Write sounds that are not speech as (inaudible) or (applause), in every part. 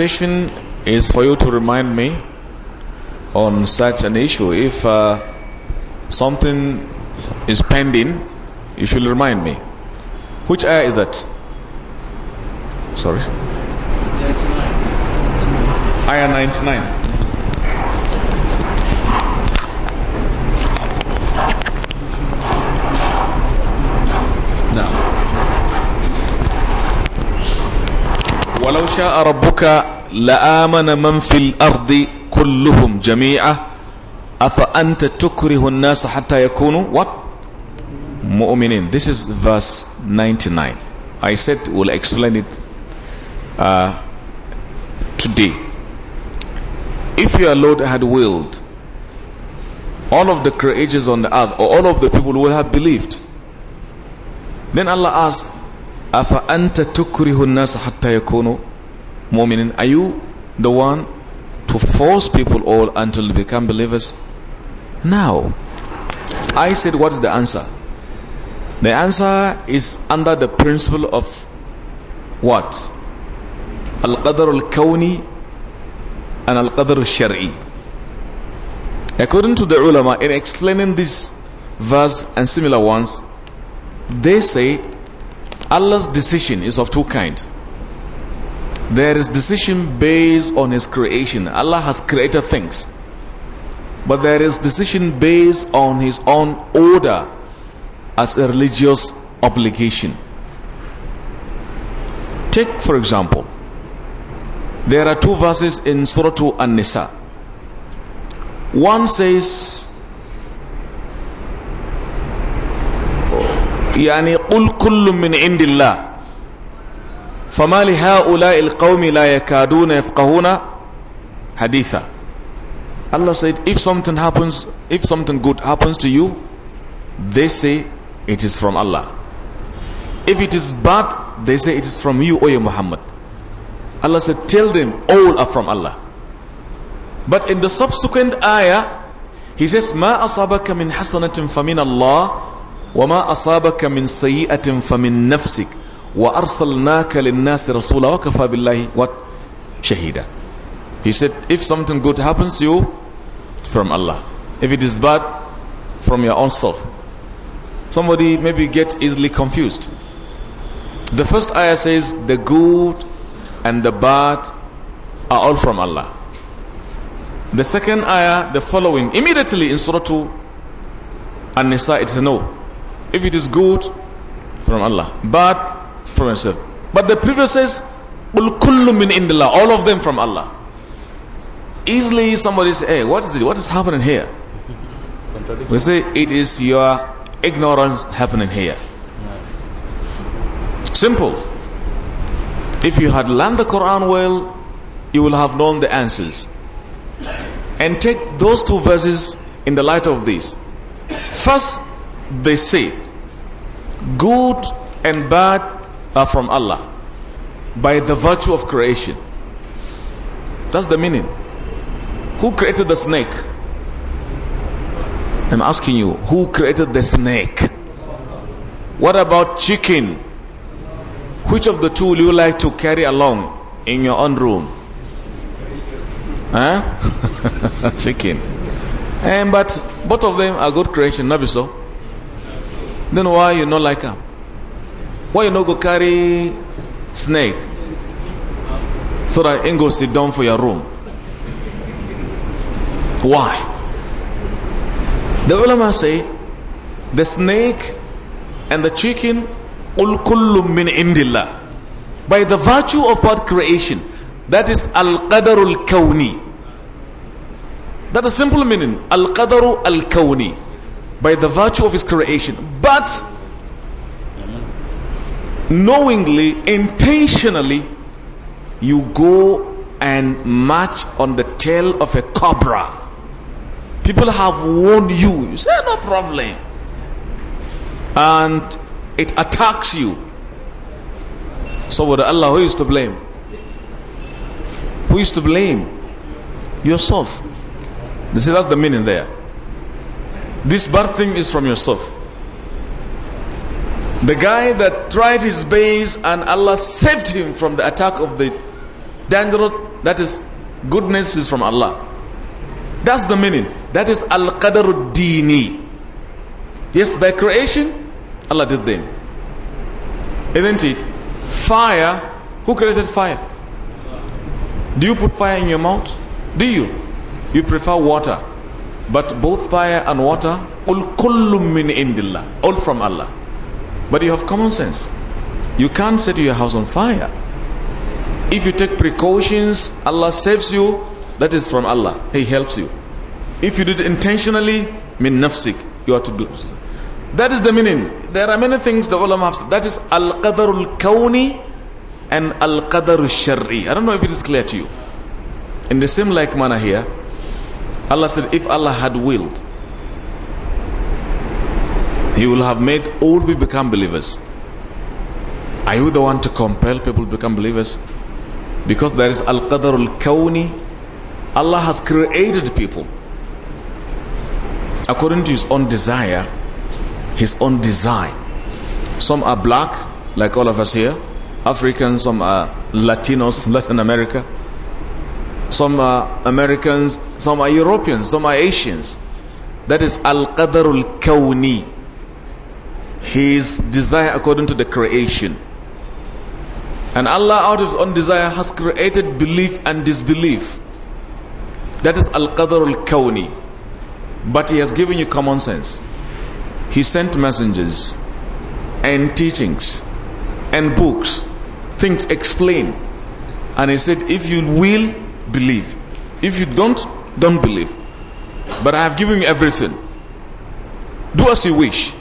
invitation is for you to remind me on such an issue. If uh, something is pending, you should remind me. Which ayah is that? Sorry. Ayah 99. ولو شاء ربك لآمن من في الأرض كلهم جميعا أفأنت تكره الناس حتى يكونوا what? مؤمنين This is verse 99 I said we'll explain it uh, today If your Lord had willed all of the creatures on the earth or all of the people would have believed then Allah asked afa anta tukrihu hatta yakunu mu'minin are you the one to force people all until they become believers now i said what is the answer the answer is under the principle of what al-qadr al-kawni and al-qadr al-shar'i according to the ulama in explaining this verse and similar ones they say Allah's decision is of two kinds. There is decision based on His creation. Allah has created things. But there is decision based on His own order as a religious obligation. Take, for example, there are two verses in Surah An-Nisa. One says, يعني قل كل من عند الله فما لهؤلاء القوم لا يكادون يفقهون حديثا Allah said, if something happens, if something good happens to you, they say it is from Allah. If it is bad, they say it is from you, O your Muhammad. Allah said, tell them all are from Allah. But in the subsequent ayah, he says, ma asabaka min hasanatin famin Allah وما أصابك من سيئة فمن نفسك وأرسلناك للناس رسولا وكفى بالله what شهيدا he said if something good happens to you from Allah if it is bad from your own self somebody maybe get easily confused the first ayah says the good and the bad are all from Allah the second ayah the following immediately in surah 2 an-nisa it's no if it is good, from Allah. But from yourself. But the previous says, All of them from Allah. Easily somebody says, hey, what is it? What is happening here? We say, it is your ignorance happening here. Simple. If you had learned the Quran well, you will have known the answers. And take those two verses in the light of this. First, they say good and bad are from Allah by the virtue of creation. That's the meaning. Who created the snake? I'm asking you, who created the snake? What about chicken? Which of the two would you like to carry along in your own room? Huh? (laughs) chicken. And, but both of them are good creation, not so. Then why you not like him? Why you not go carry snake? So that ain't go sit down for your room. Why? The ulama say the snake and the chicken قُلْ كُلُّ By the virtue of what creation, that is qadarul al-kawni. That is simple meaning, al-qadar al-kawni by the virtue of his creation. But knowingly, intentionally, you go and march on the tail of a cobra. People have warned you. You say, no problem. And it attacks you. So would Allah, who is to blame? Who is to blame? Yourself. You see, that's the meaning there. This birth thing is from yourself. The guy that tried his best and Allah saved him from the attack of the dangerous, that is goodness is from Allah. That's the meaning. That is Al-Qadarud Dini. Yes, by creation, Allah did them. Isn't it? Fire, who created fire? Do you put fire in your mouth? Do you? You prefer water. But both fire and water, all kullum min indillah, all from Allah. But you have common sense. You can't set your house on fire. If you take precautions, Allah saves you, that is from Allah. He helps you. If you did it intentionally, min nafsik, you are to blame. That is the meaning. There are many things the ulama have said. That is al-qadarul kawni and al-qadarul shari. I don't know if it is clear to you. In the same like manner here, Allah said, if Allah had willed, He will have made all we become believers. Are you the one to compel people to become believers? Because there is Al-Qadr Al-Kawni. Allah has created people according to His own desire, His own design. Some are black, like all of us here. Africans, some are Latinos, Latin America some are Americans, some are Europeans, some are Asians. That is Al-Qadarul Kawni. His desire according to the creation. And Allah out of his own desire has created belief and disbelief. That is Al-Qadarul Kawni. But he has given you common sense. He sent messengers and teachings and books, things explained. And he said, if you will, believe. If you don't, don't believe. But I have given you everything. Do as you wish.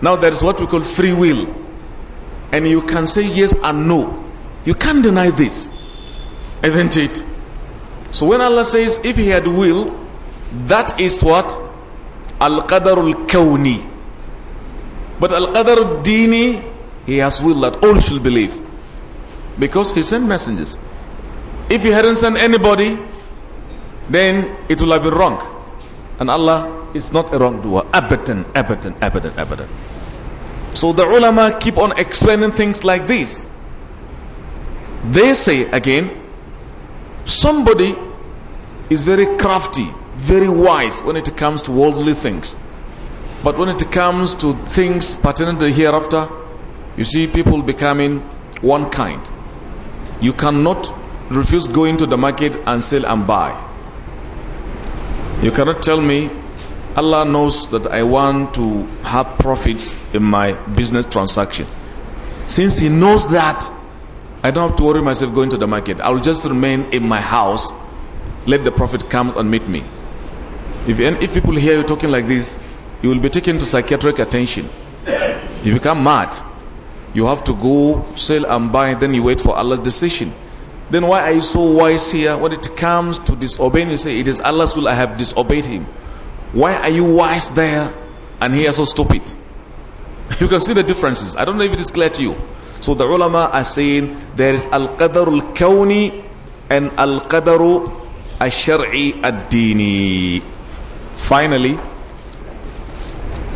Now there is what we call free will. And you can say yes and no. You can't deny this. Isn't it? So when Allah says, if he had willed, that is what? al al Kawni. But al al Dini, he has willed that all shall believe. Because he sent messengers. If you hadn't sent anybody, then it will have been wrong. And Allah is not a wrongdoer. Abadan, abadan, abadan, abadan. So the ulama keep on explaining things like this. They say again, somebody is very crafty, very wise when it comes to worldly things. But when it comes to things pertaining to the hereafter, you see people becoming one kind. You cannot refuse going to the market and sell and buy. You cannot tell me Allah knows that I want to have profits in my business transaction. Since He knows that, I don't have to worry myself going to the market. I'll just remain in my house. Let the prophet come and meet me. If, if people hear you talking like this, you will be taken to psychiatric attention. You become mad. You have to go sell and buy, then you wait for Allah's decision. Then why are you so wise here? When it comes to disobeying, you say, it is Allah's will, I have disobeyed him. Why are you wise there and here so stupid? (laughs) You can see the differences. I don't know if it is clear to you. So the ulama are saying there is al-qadar kawni and al-qadaru al-shar'i ad-dini. Finally,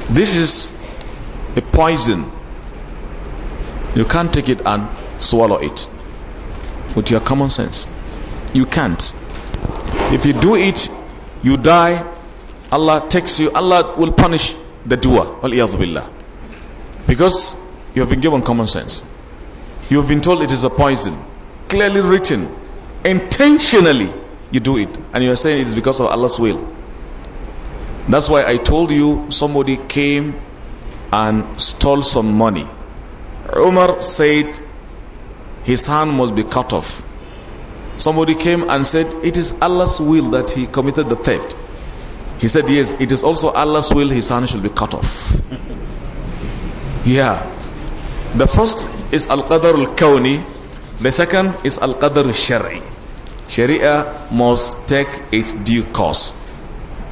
this is a poison. You can't take it and swallow it with your common sense. You can't. If you do it, you die. Allah takes you. Allah will punish the doer. Because you have been given common sense. You have been told it is a poison. Clearly written. Intentionally, you do it. And you are saying it is because of Allah's will. That's why I told you somebody came and stole some money. Umar said, his hand must be cut off. Somebody came and said, It is Allah's will that he committed the theft. He said, Yes, it is also Allah's will his hand shall be cut off. yeah. The first is Al Qadr al Kawni, the second is Al Qadr al Shari. Sharia must take its due course.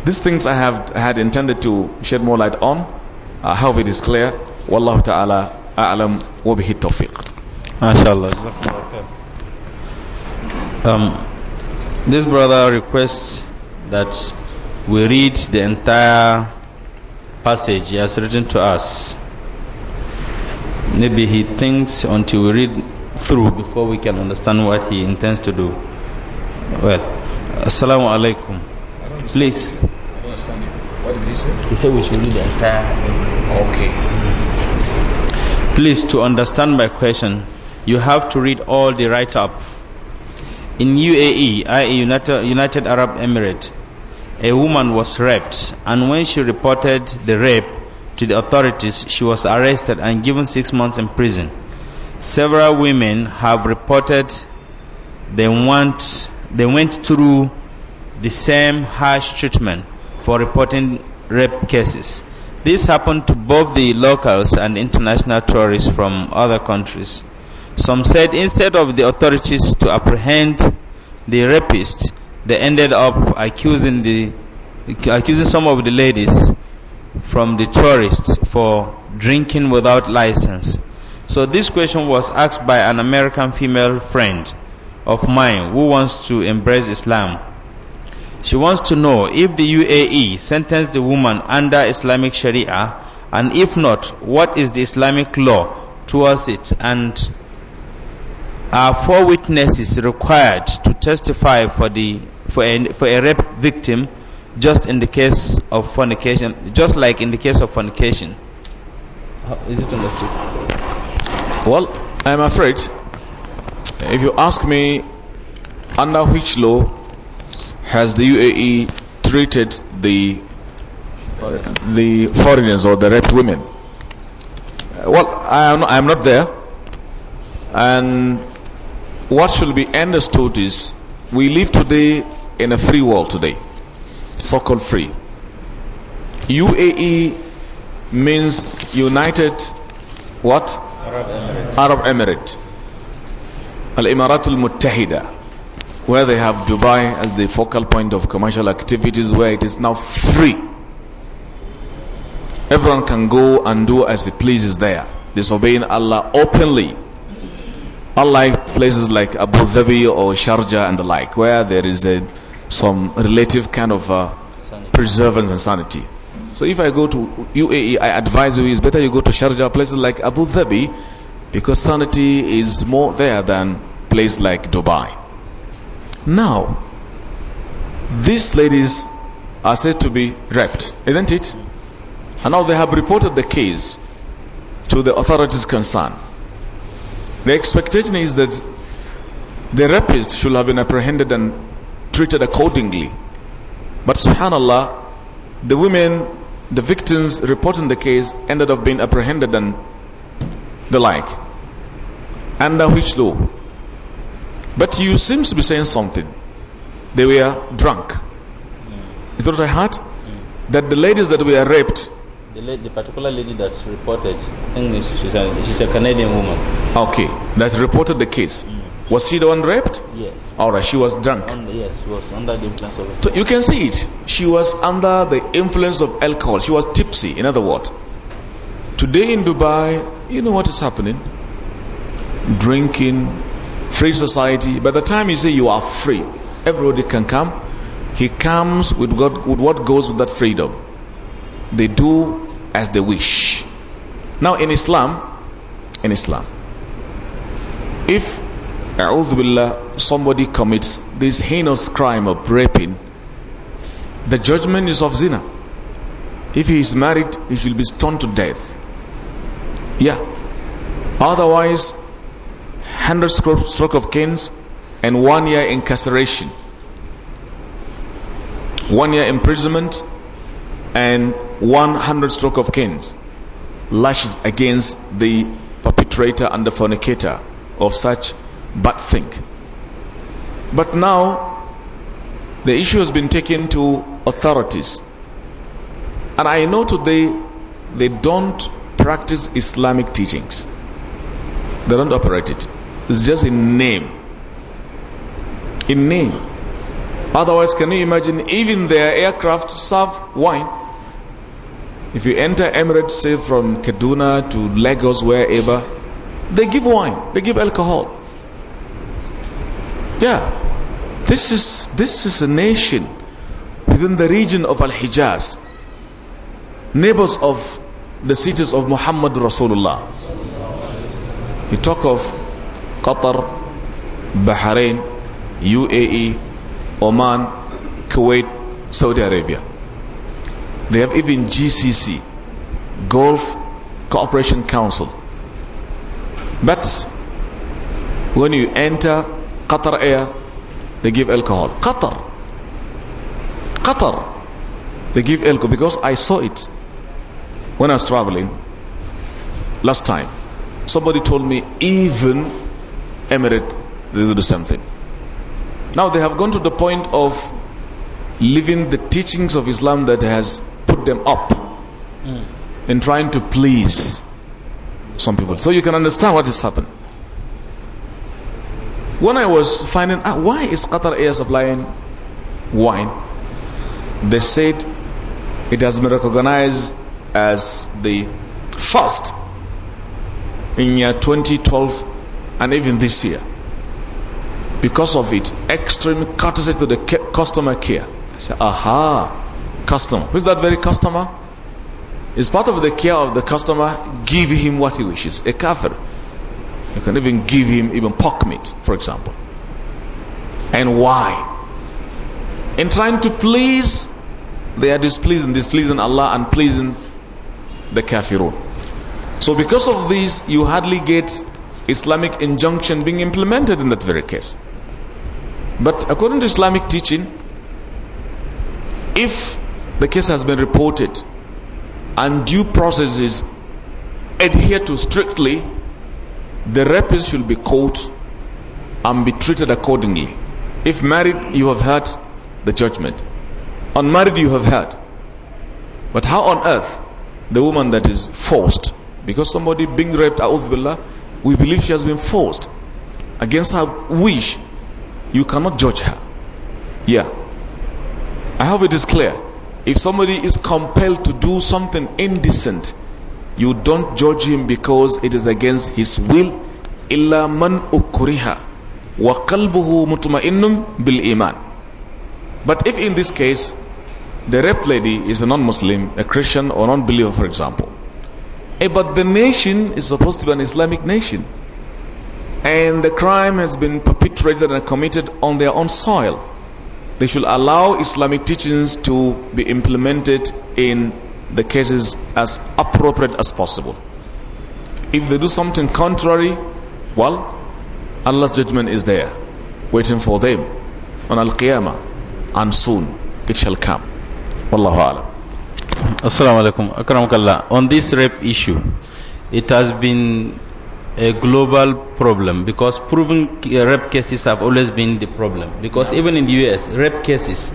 These things I have had intended to shed more light on. I hope it is clear. Wallahu ta'ala a'lam wa bihi tawfiq. MashaAllah. Um, this brother requests that we read the entire passage he has written to us. Maybe he thinks until we read through before we can understand what he intends to do. Well, Assalamu alaikum. Please. What did he say? He said we should read the entire. Okay. Please, to understand my question, you have to read all the write up. In UAE, i.e., United, Arab Emirates, a woman was raped, and when she reported the rape to the authorities, she was arrested and given six months in prison. Several women have reported they, want, they went through the same harsh treatment for reporting rape cases. This happened to both the locals and international tourists from other countries. Some said instead of the authorities to apprehend the rapist, they ended up accusing the accusing some of the ladies from the tourists for drinking without license. So this question was asked by an American female friend of mine who wants to embrace Islam. She wants to know if the UAE sentenced the woman under Islamic Sharia and if not, what is the Islamic law towards it and are uh, four witnesses required to testify for the for a, for a rape victim just in the case of fornication just like in the case of fornication is it understood well i'm afraid if you ask me under which law has the uae treated the the foreigners or the raped women well i am not, I am not there and what should be understood is we live today in a free world today, so-called free. UAE means United what? Arab Emirate. Arab Emirate. Al-Imarat muttahida Where they have Dubai as the focal point of commercial activities where it is now free. Everyone can go and do as he pleases there, disobeying Allah openly. Unlike places like Abu Dhabi or Sharjah and the like, where there is a, some relative kind of uh, preservance and sanity. So if I go to UAE, I advise you, it's better you go to Sharjah, places like Abu Dhabi, because sanity is more there than place like Dubai. Now, these ladies are said to be raped, isn't it? And now they have reported the case to the authorities concerned. The expectation is that the rapist should have been apprehended and treated accordingly. But subhanallah, the women, the victims reporting the case ended up being apprehended and the like. Under which law? But you seem to be saying something. They were drunk. Is that what I heard? That the ladies that were raped the, lady, the particular lady that's reported, I think she's a, she's a Canadian woman. Okay, that reported the case. Mm. Was she the one raped? Yes. Alright, she was drunk. Under, yes, she was under the influence of. So you can see it. She was under the influence of alcohol. She was tipsy. In other words, today in Dubai, you know what is happening? Drinking, free society. By the time you say you are free, everybody can come. He comes with, God, with what goes with that freedom they do as they wish. Now in Islam, in Islam, if billah, somebody commits this heinous crime of raping, the judgment is of zina. If he is married, he will be stoned to death. Yeah. Otherwise, 100 stroke of canes and one year incarceration. One year imprisonment and 100 stroke of canes lashes against the perpetrator and the fornicator of such bad thing. But now the issue has been taken to authorities. And I know today they don't practice Islamic teachings. They don't operate it. It's just in name. In name. Otherwise, can you imagine even their aircraft serve wine? If you enter Emirates, say from Kaduna to Lagos, wherever, they give wine, they give alcohol. Yeah. This is, this is a nation within the region of Al-Hijaz, neighbors of the cities of Muhammad Rasulullah. You talk of Qatar, Bahrain, UAE, Oman, Kuwait, Saudi Arabia. They have even GCC, Gulf Cooperation Council. But when you enter Qatar Air, they give alcohol. Qatar. Qatar. They give alcohol because I saw it when I was traveling last time. Somebody told me even Emirate, they do the same thing. Now they have gone to the point of living the teachings of Islam that has them up mm. in trying to please some people. So you can understand what is happening. When I was finding out why is Qatar Air supplying wine, they said it has been recognized as the first in year 2012 and even this year because of it extreme courtesy to the customer care. I said, aha, customer. Who's that very customer? It's part of the care of the customer. Give him what he wishes. A kafir. You can even give him even pork meat, for example. And why? In trying to please, they are displeasing, displeasing Allah and pleasing the kafirun. So because of this, you hardly get Islamic injunction being implemented in that very case. But according to Islamic teaching, if the case has been reported and due process is adhered to strictly, the rapist should be caught and be treated accordingly. If married, you have heard the judgment. Unmarried, you have heard. But how on earth the woman that is forced, because somebody being raped, billah, we believe she has been forced against her wish, you cannot judge her. Yeah. I hope it is clear. If somebody is compelled to do something indecent, you don't judge him because it is against his will. إِلَّا مَنْ أُكْرِهَ وَقَلْبُهُ مُطْمَئِنٌ بِالْإِيمَانِ But if in this case, the rape lady is a non-Muslim, a Christian or non-believer for example, eh, but the nation is supposed to be an Islamic nation and the crime has been perpetrated and committed on their own soil, they should allow Islamic teachings to be implemented in the cases as appropriate as possible. If they do something contrary, well, Allah's judgment is there, waiting for them on Al-Qiyamah, and soon it shall come. Wallahu alam. Assalamu alaikum. On this rape issue, it has been a global problem because proven uh, rape cases have always been the problem. Because even in the US, rape cases,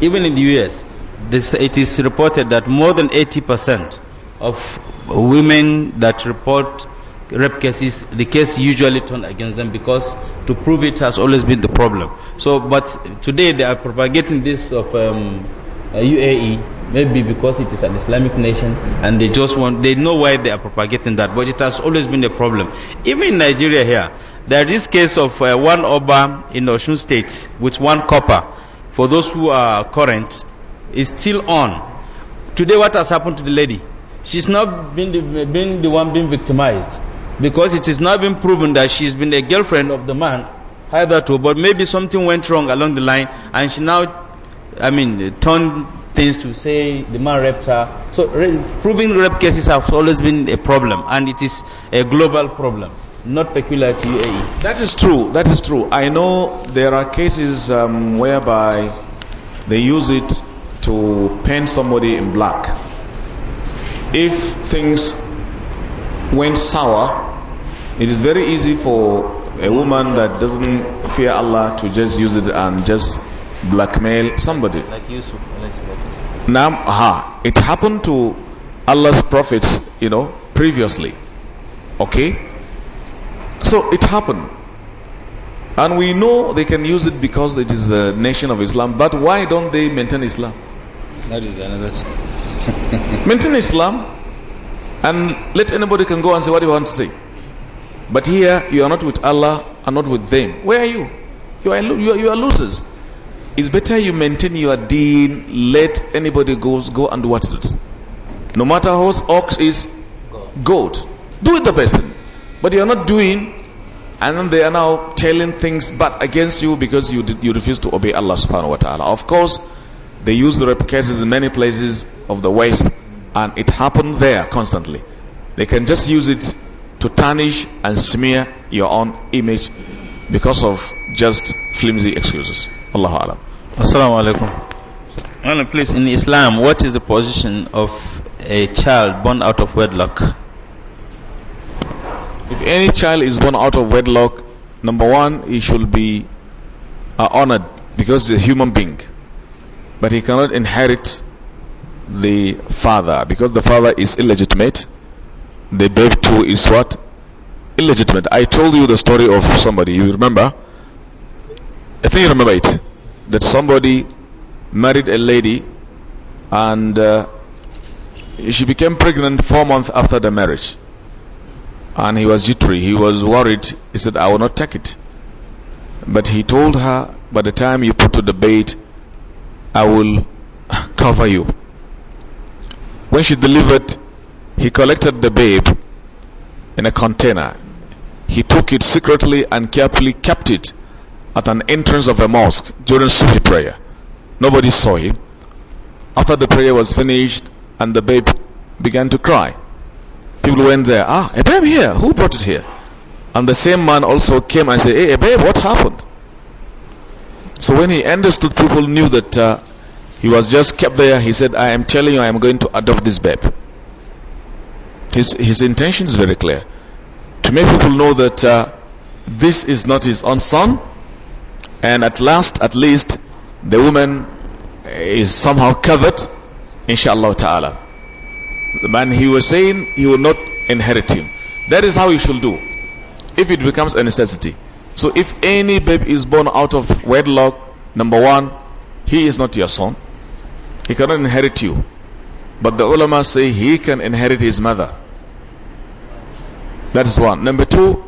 even in the US, this, it is reported that more than 80% of women that report rape cases, the case usually turned against them because to prove it has always been the problem. So, but today they are propagating this of um, UAE uh, maybe because it is an Islamic nation and they just want, they know why they are propagating that, but it has always been a problem. Even in Nigeria here, there is this case of uh, one Oba in Osun State with one copper, for those who are current, is still on. Today, what has happened to the lady? She's not been the, been the one being victimized because it is not been proven that she's been a girlfriend of the man hitherto, but maybe something went wrong along the line and she now, I mean, turned things to say the man raped her. So proving rape cases have always been a problem, and it is a global problem, not peculiar to UAE. That is true. That is true. I know there are cases um, whereby they use it to paint somebody in black. If things went sour, it is very easy for a woman that doesn't fear Allah to just use it and just blackmail somebody. Like Yusuf. Nam ha. It happened to Allah's prophets, you know, previously. Okay? So it happened. And we know they can use it because it is the nation of Islam. But why don't they maintain Islam? That is another (laughs) maintain Islam and let anybody can go and say what you want to say. But here you are not with Allah and not with them. Where are you? You are, you are, you are losers. It's better you maintain your deen, let anybody goes, go and watch it. No matter horse, ox is, goat. Do it the person. But you're not doing, and then they are now telling things but against you because you, you refuse to obey Allah subhanahu wa ta'ala. Of course, they use the rape cases in many places of the West, and it happened there constantly. They can just use it to tarnish and smear your own image because of just flimsy excuses. Allah Alam. Assalamu alaikum. Well, please, in Islam, what is the position of a child born out of wedlock? If any child is born out of wedlock, number one, he should be uh, honored because he's a human being. But he cannot inherit the father because the father is illegitimate. The babe too is what? Illegitimate. I told you the story of somebody, you remember? I think you remember it that somebody married a lady and uh, she became pregnant four months after the marriage. And he was jittery, he was worried. He said, I will not take it. But he told her, By the time you put to the bed, I will (laughs) cover you. When she delivered, he collected the babe in a container. He took it secretly and carefully kept it at an entrance of a mosque during Sufi prayer. Nobody saw him. After the prayer was finished and the babe began to cry, people went there, ah, a babe here, who brought it here? And the same man also came and said, hey, eh, babe, what happened? So when he understood, people knew that uh, he was just kept there. He said, I am telling you, I am going to adopt this babe. His, his intention is very clear. To make people know that uh, this is not his own son, and at last, at least, the woman is somehow covered, inshallah ta'ala. The man he was saying, he will not inherit him. That is how you should do, if it becomes a necessity. So if any baby is born out of wedlock, number one, he is not your son. He cannot inherit you. But the ulama say he can inherit his mother. That is one. Number two,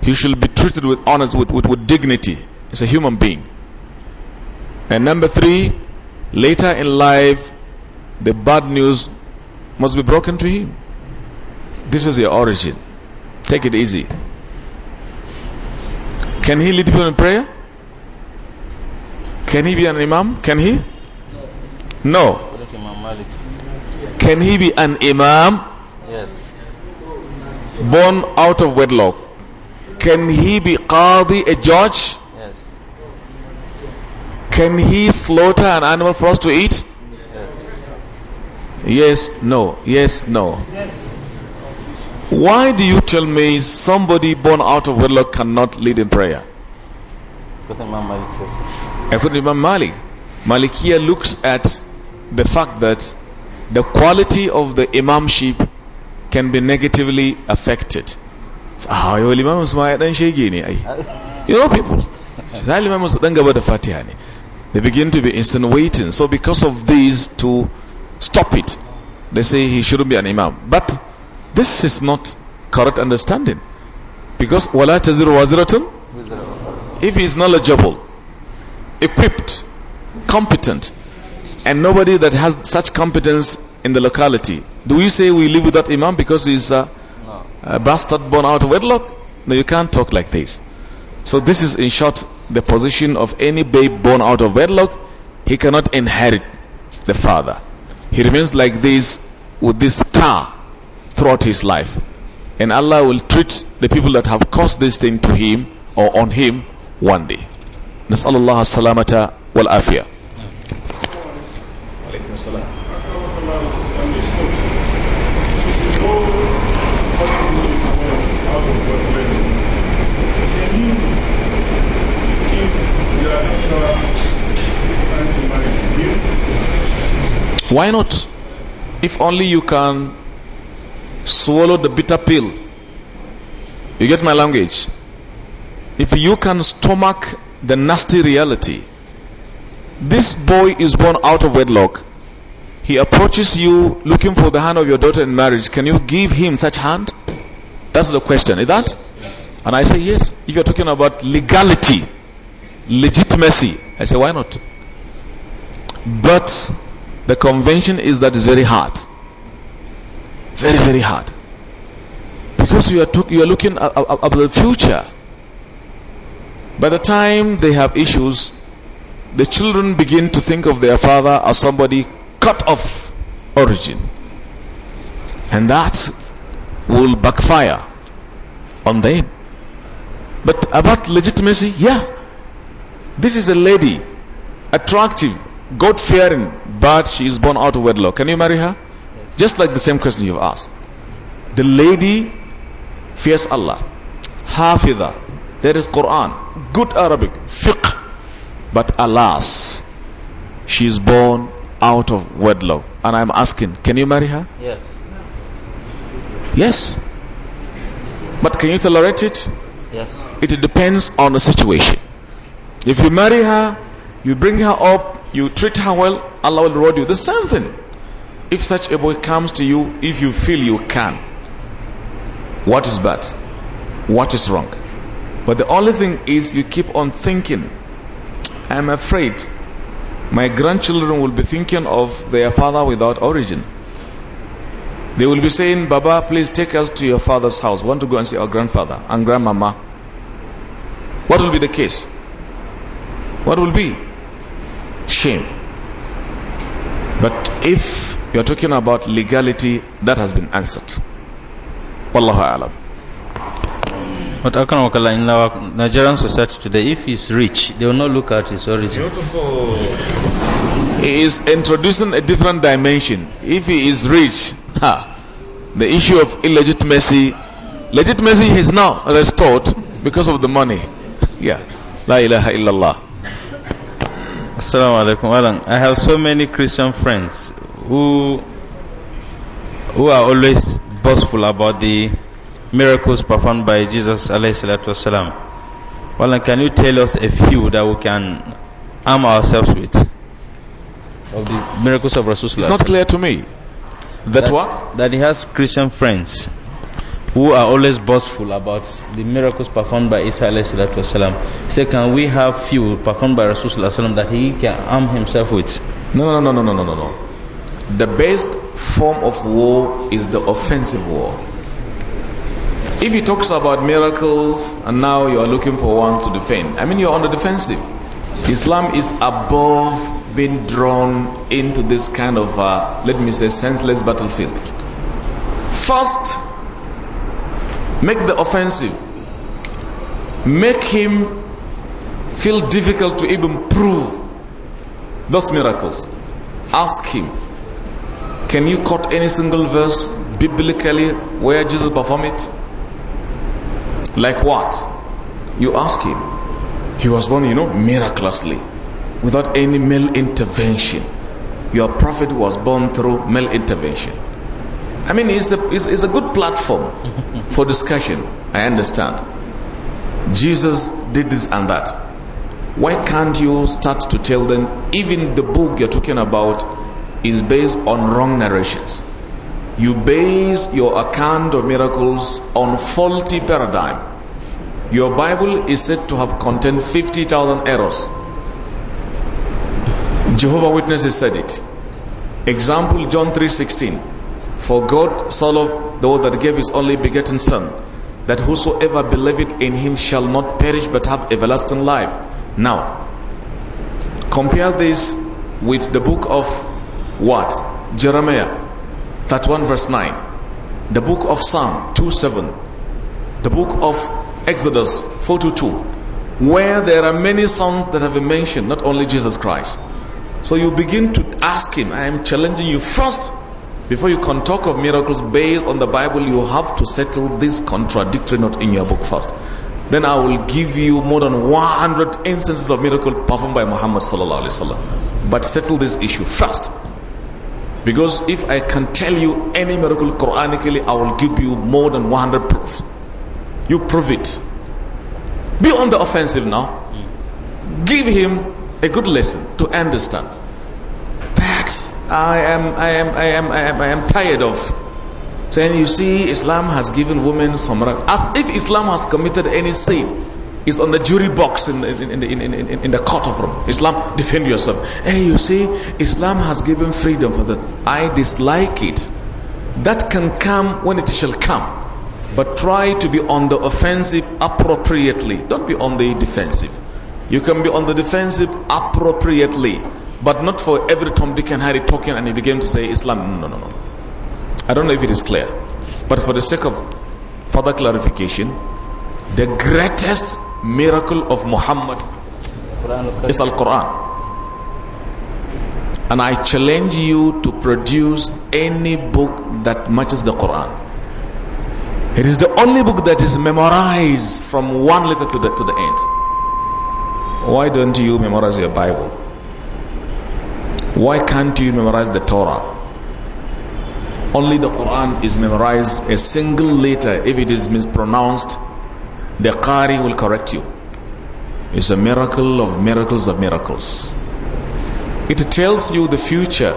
he should be treated with honor, with, with, with dignity is a human being. And number three, later in life, the bad news must be broken to him. This is your origin. Take it easy. Can he lead people in prayer? Can he be an imam? Can he? No. Can he be an imam? Yes. Born out of wedlock. Can he be qadi, a judge? Can he slaughter an animal for us to eat? Yes, no, yes, no. Why do you tell me somebody born out of wedlock cannot lead in prayer? Because Imam Malik says so. According to Imam Malik, here looks at the fact that the quality of the imamship can be negatively affected. Ah, you know people. Zalimin musu dan gaba da they begin to be insinuating. So because of these, to stop it, they say he shouldn't be an imam. But this is not correct understanding. Because wala taziru waziratun, if he is knowledgeable, equipped, competent, and nobody that has such competence in the locality, do we say we live with that imam because he's a, a bastard born out of wedlock? No, you can't talk like this. So this is in short the position of any babe born out of wedlock, he cannot inherit the father. He remains like this with this scar throughout his life. And Allah will treat the people that have caused this thing to him or on him one day. نسأل الله السلامة والعافية. Why not? If only you can swallow the bitter pill. You get my language? If you can stomach the nasty reality, this boy is born out of wedlock. He approaches you looking for the hand of your daughter in marriage. Can you give him such hand? That's the question. Is that? And I say yes. If you're talking about legality, legitimacy. I say, why not? But the convention is that it's very hard. Very, very hard. Because you are, you are looking at, at, at the future. By the time they have issues, the children begin to think of their father as somebody cut off origin. And that will backfire on them. But about legitimacy, yeah, this is a lady, attractive, God fearing, but she is born out of wedlock. Can you marry her? Just like the same question you've asked. The lady fears Allah. Hafidah. There is Quran. Good Arabic. Fiqh. But alas, she is born out of wedlock. And I'm asking, can you marry her? Yes. Yes. But can you tolerate it? Yes. It depends on the situation. If you marry her, you bring her up, you treat her well, Allah will reward you. The same thing. If such a boy comes to you, if you feel you can, what is bad? What is wrong? But the only thing is you keep on thinking, I'm afraid my grandchildren will be thinking of their father without origin. They will be saying, Baba, please take us to your father's house. We want to go and see our grandfather and grandmama. What will be the case? what will be? Shame. But if you're talking about legality, that has been answered. Wallahu alam. But Akanamakala, in our Nigerian society today, if he's rich, they will not look at his origin. Beautiful. He is introducing a different dimension. If he is rich, ha, the issue of illegitimacy, legitimacy is now restored because of the money. Yeah. La ilaha illallah. Assalamu alaikum. Well, I have so many Christian friends who who are always boastful about the miracles performed by Jesus wasalam. Well, can you tell us a few that we can arm ourselves with of the miracles of Rasulullah? It's not clear to me. That, that what? That he has Christian friends who are always boastful about the miracles performed by Isa alayhi Say, can we have few performed by Rasul that he can arm himself with? No, no, no, no, no, no, no. The best form of war is the offensive war. If he talks about miracles and now you are looking for one to defend, I mean you are on the defensive. Islam is above being drawn into this kind of, uh, let me say, senseless battlefield. First, make the offensive make him feel difficult to even prove those miracles ask him can you quote any single verse biblically where jesus performed it like what you ask him he was born you know miraculously without any male intervention your prophet was born through male intervention I mean, it's a, it's, it's a good platform (laughs) for discussion. I understand. Jesus did this and that. Why can't you start to tell them even the book you're talking about is based on wrong narrations? You base your account of miracles on faulty paradigm. Your Bible is said to have contained 50,000 errors. Jehovah Witnesses said it. Example John 3:16. For God so loved the world that gave his only begotten Son, that whosoever believeth in him shall not perish but have everlasting life. Now, compare this with the book of what? Jeremiah 31 verse 9. The book of Psalm 2 7. The book of Exodus 4 to 2. Where there are many songs that have been mentioned, not only Jesus Christ. So you begin to ask him, I am challenging you first before you can talk of miracles based on the Bible, you have to settle this contradictory note in your book first. Then I will give you more than 100 instances of miracle performed by Muhammad sallallahu alaihi wasallam. But settle this issue first. Because if I can tell you any miracle Quranically, I will give you more than 100 proofs. You prove it. Be on the offensive now. Give him a good lesson to understand. I am, I am, I am, I am, I am tired of. Saying, you see, Islam has given women some right. As if Islam has committed any sin. It's on the jury box in, in, in, in, in the court of Rome. Islam, defend yourself. Hey, you see, Islam has given freedom for that. I dislike it. That can come when it shall come. But try to be on the offensive appropriately. Don't be on the defensive. You can be on the defensive appropriately. But not for every Tom, Dick and Harry talking and he began to say Islam. No, no, no. no. I don't know if it is clear. But for the sake of further clarification, the greatest miracle of Muhammad is Al-Quran. And I challenge you to produce any book that matches the Quran. It is the only book that is memorized from one letter to the, to the end. Why don't you memorize your Bible? Why can't you memorize the Torah? Only the Quran is memorized. A single letter, if it is mispronounced, the Qari will correct you. It's a miracle of miracles of miracles. It tells you the future.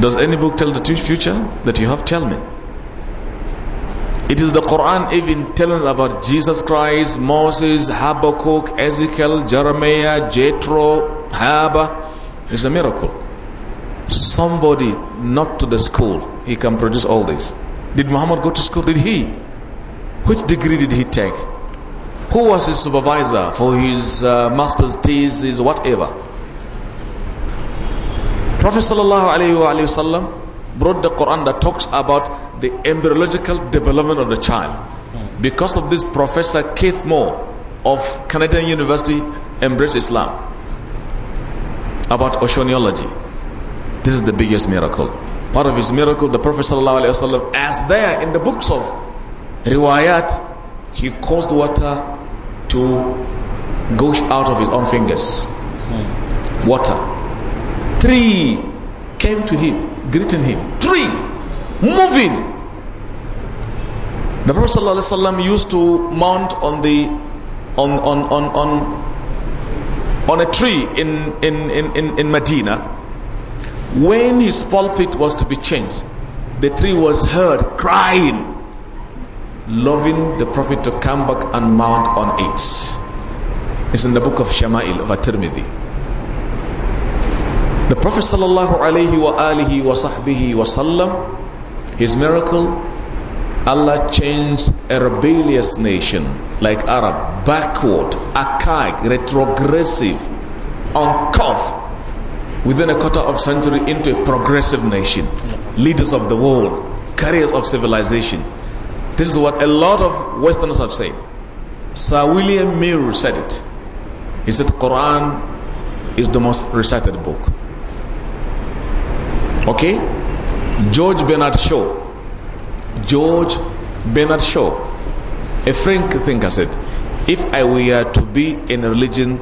Does any book tell the future that you have? Tell me. It is the Quran even telling about Jesus Christ, Moses, Habakkuk, Ezekiel, Jeremiah, Jethro, Haba. It's a miracle. Somebody not to the school, he can produce all this. Did Muhammad go to school? Did he? Which degree did he take? Who was his supervisor for his uh, master's thesis, whatever? Prophet sallallahu wasallam brought the Quran that talks about the embryological development of the child. Because of this, Professor Keith Moore of Canadian University embraced Islam about oceanology. This is the biggest miracle. Part of his miracle, the Prophet wasallam, as there in the books of Riwayat, he caused water to go out of his own fingers. Water. Three came to him, greeting him. Three, moving. The Prophet wasallam used to mount on the on on on on on a tree in, in, in, in, Medina, when his pulpit was to be changed, the tree was heard crying, loving the Prophet to come back and mount on it. It's in the book of Shama'il of At-Tirmidhi. The Prophet sallallahu alaihi wasallam, his miracle, Allah changed a rebellious nation like Arab backward, archaic, retrogressive, uncouth within a quarter of century into a progressive nation, leaders of the world, carriers of civilization. This is what a lot of Westerners have said. Sir William Mill said it. He said Quran is the most recited book. Okay? George Bernard Shaw George Bernard Shaw, a Frank thinker said, if I were to be in a religion,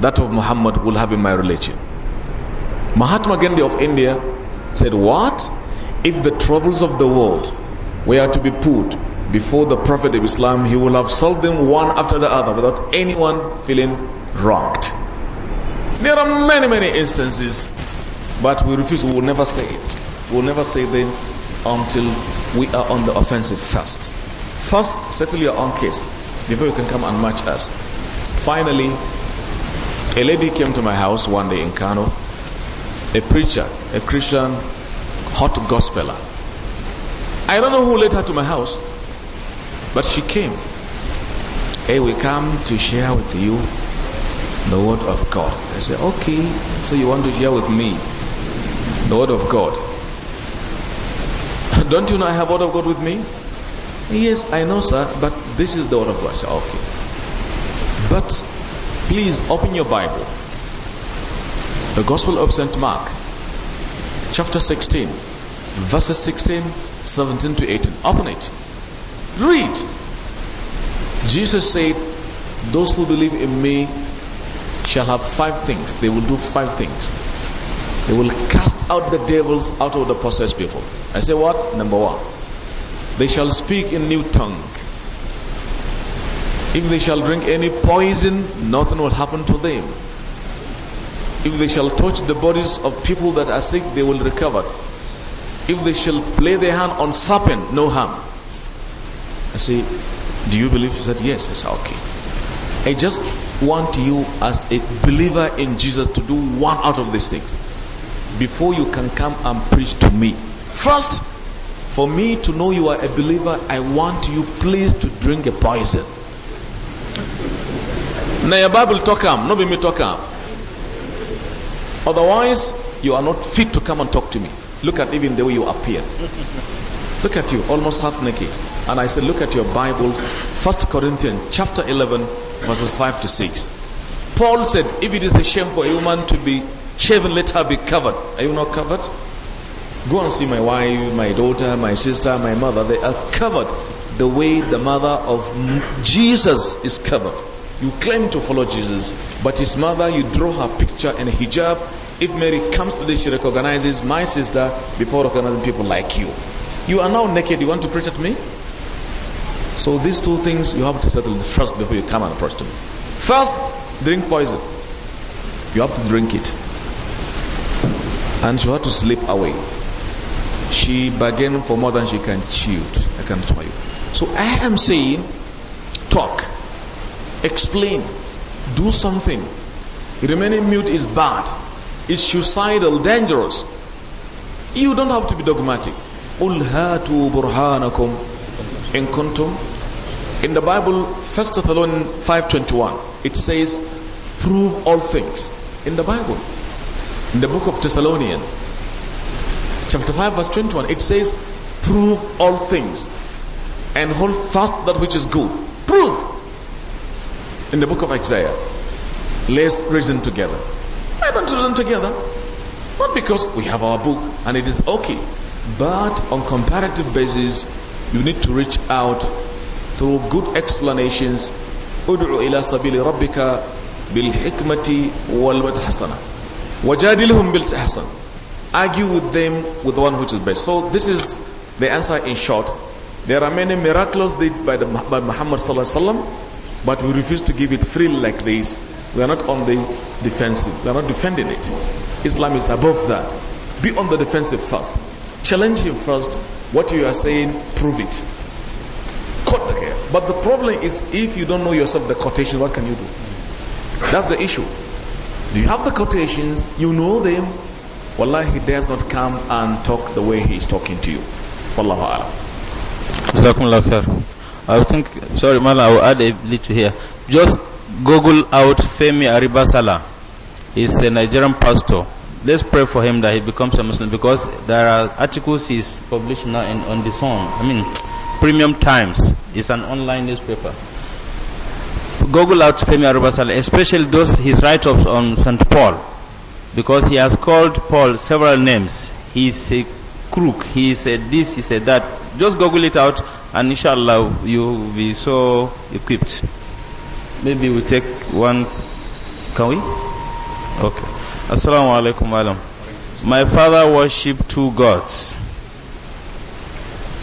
that of Muhammad will have in my religion. Mahatma Gandhi of India said, what? If the troubles of the world were to be put before the Prophet of Islam, he will have solved them one after the other without anyone feeling wronged. There are many, many instances, but we refuse, we will never say it. We will never say them until we are on the offensive first. First, settle your own case before you can come and match us. Finally, a lady came to my house one day in Kano, a preacher, a Christian, hot gospeler. I don't know who led her to my house, but she came. Hey, we come to share with you the word of God. I said, okay, so you want to share with me the word of God. (laughs) Don't you know I have word of God with me? Yes, I know, sir, but this is the word of God. I okay. But please open your Bible. The Gospel of St. Mark, chapter 16, verses 16, 17 to 18. Open it. Read. Jesus said, Those who believe in me shall have five things. They will do five things. They will cast out the devils out of the possessed people. I say what? Number one. They shall speak in new tongue. If they shall drink any poison, nothing will happen to them. If they shall touch the bodies of people that are sick, they will recover. If they shall lay their hand on serpent, no harm. I say, do you believe? He said, yes. I said, okay. I just want you as a believer in Jesus to do one out of these things before you can come and preach to me. First, for me to know you are a believer, I want you please to drink a poison. Now your Bible talk am, not be me talk am. Otherwise, you are not fit to come and talk to me. Look at even the way you appeared. Look at you, almost half naked. And I said, look at your Bible, First Corinthians chapter 11, verses 5 to 6. Paul said, if it is a shame for a woman to be shaven, let her be covered. Are you not covered? Go and see my wife, my daughter, my sister, my mother. They are covered the way the mother of Jesus is covered. You claim to follow Jesus, but his mother, you draw her picture in a hijab. If Mary comes today, she recognizes my sister before recognizing people like you. You are now naked. You want to preach at me? So these two things you have to settle first before you come and approach to me. First, drink poison. You have to drink it and she had to slip away. She bargained for more than she can chew. I can tell you. So I am saying, talk, explain, do something. Remaining mute is bad. It's suicidal, dangerous. You don't have to be dogmatic. In kuntum. In the Bible, First Thessalonians 5.21, it says, prove all things. In the Bible in the book of Thessalonians, chapter 5, verse 21, it says, Prove all things and hold fast that which is good. Prove! In the book of Isaiah, let's reason together. I don't to reason together. Not because we have our book and it is okay, but on comparative basis, you need to reach out through good explanations. إلى سبيل ربك بالحكمة والمتحسنة bil بِالْتَحْسَنِ Argue with them with the one which is best. So this is the answer in short. There are many miracles did by, the, by Muhammad sallallahu but we refuse to give it free like this. We are not on the defensive. We are not defending it. Islam is above that. Be on the defensive first. Challenge him first. What you are saying, prove it. Quote the But the problem is if you don't know yourself the quotation, what can you do? That's the issue. Do you have the quotations? You know them. Wallah, he dares not come and talk the way he is talking to you. Wallahu alam. Jazakumullah khair. I think, sorry, man, I will add a little here. Just Google out Femi Aribasala. He's a Nigerian pastor. Let's pray for him that he becomes a Muslim because there are articles he's published now in, on the song. I mean, Premium Times is an online newspaper. Google out Femi Arubasal, especially those his write-ups on St. Paul, because he has called Paul several names. He's a crook. He said this. He said that. Just Google it out, and inshallah you will be so equipped. Maybe we take one. Can we? Okay. Assalamu alaikum alam. My father worshipped two gods.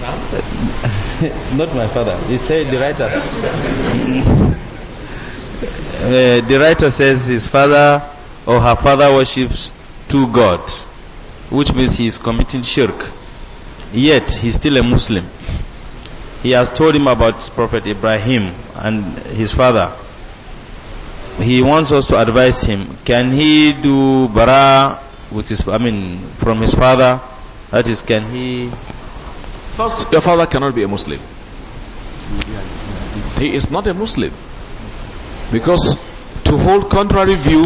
(laughs) Not my father. He said the writer. (laughs) Uh, the writer says his father or her father worships two God, which means he is committing shirk. Yet he's still a Muslim. He has told him about Prophet Ibrahim and his father. He wants us to advise him. Can he do bara which is I mean, from his father. That is, can he? First, your father cannot be a Muslim. He is not a Muslim. Because to hold contrary view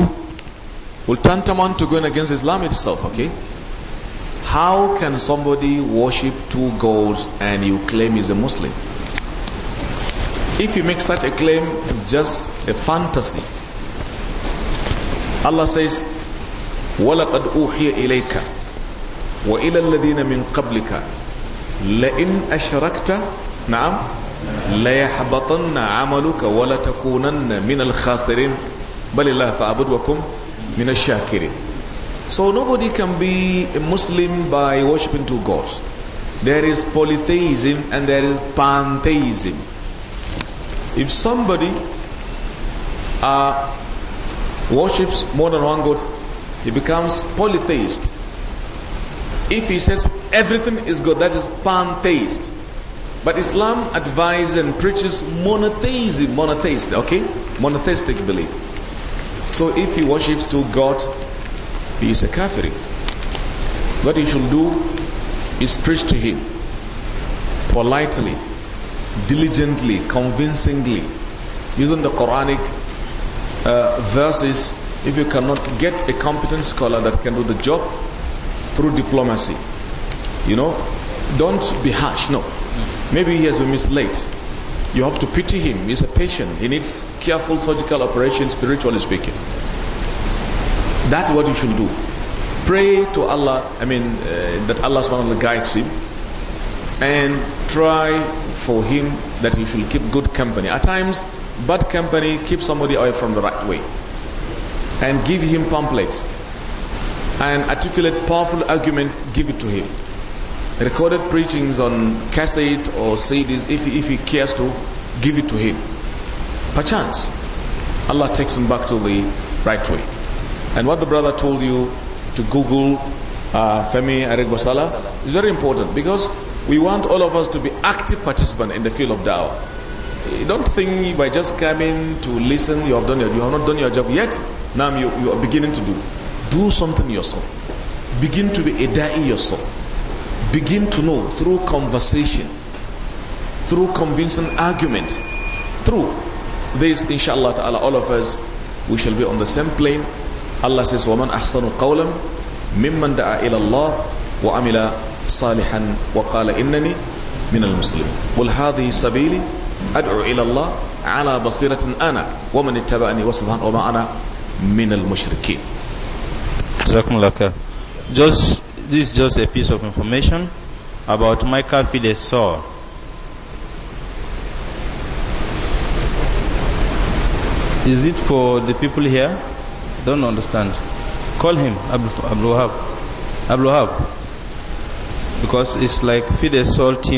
will tantamount to going against Islam itself, okay? How can somebody worship two gods and you claim he's a Muslim? If you make such a claim, it's just a fantasy. Allah says, وَلَقَدْ أُوحِيَ إِلَيْكَ وَإِلَى الَّذِينَ مِنْ قَبْلِكَ لَإِنْ أَشْرَكْتَ نَعَمْ يحبطن عملك ولا تكونن من الخاسرين بل الله فاعبد من الشاكرين So nobody can be a Muslim by worshiping two gods. There is polytheism and there is pantheism. If somebody uh, worships more than one god, he becomes polytheist. If he says everything is God, that is pantheist. But Islam advises and preaches monotheism, monotheist, okay? Monotheistic belief. So if he worships to God, he is a kafir. What he should do is preach to him politely, diligently, convincingly, using the Quranic uh, verses. If you cannot get a competent scholar that can do the job through diplomacy, you know, don't be harsh. No, Maybe he has been misled. You have to pity him. He's a patient. He needs careful surgical operation, spiritually speaking. That's what you should do. Pray to Allah, I mean, uh, that Allah subhanahu wa ta'ala guides him and try for him that he should keep good company. At times, bad company keeps somebody away from the right way. And give him pamphlets and articulate powerful argument, give it to him recorded preachings on cassette or CDs if, if he cares to give it to him. Perchance, Allah takes him back to the right way. And what the brother told you to Google uh, Femi Aregwasala is very important because we want all of us to be active participants in the field of da'wah. Eh, don't think by just coming to listen you have done your, you have not done your job yet. Now you, you are beginning to do. Do something yourself. Begin to be a da'i yourself begin to know through conversation, through convincing argument, through this, inshallah ta'ala, all of us, we shall be on the same plane. Allah says, وَمَنْ أَحْسَنُ قَوْلًا مِمَّنْ دَعَى إِلَى اللَّهِ وَعَمِلَ صَالِحًا وَقَالَ إِنَّنِي من المسلمين قل هذه سبيلي أدعو إلى الله على بصيرة أنا ومن اتبعني وسبحان وما أنا من المشركين جزاكم الله خير just this is just a piece of information about Michael Fides Saul. Is it for the people here? Don't understand. Call him Abdul Wahab. Abdul Wahab. Because it's like Fides Saul team.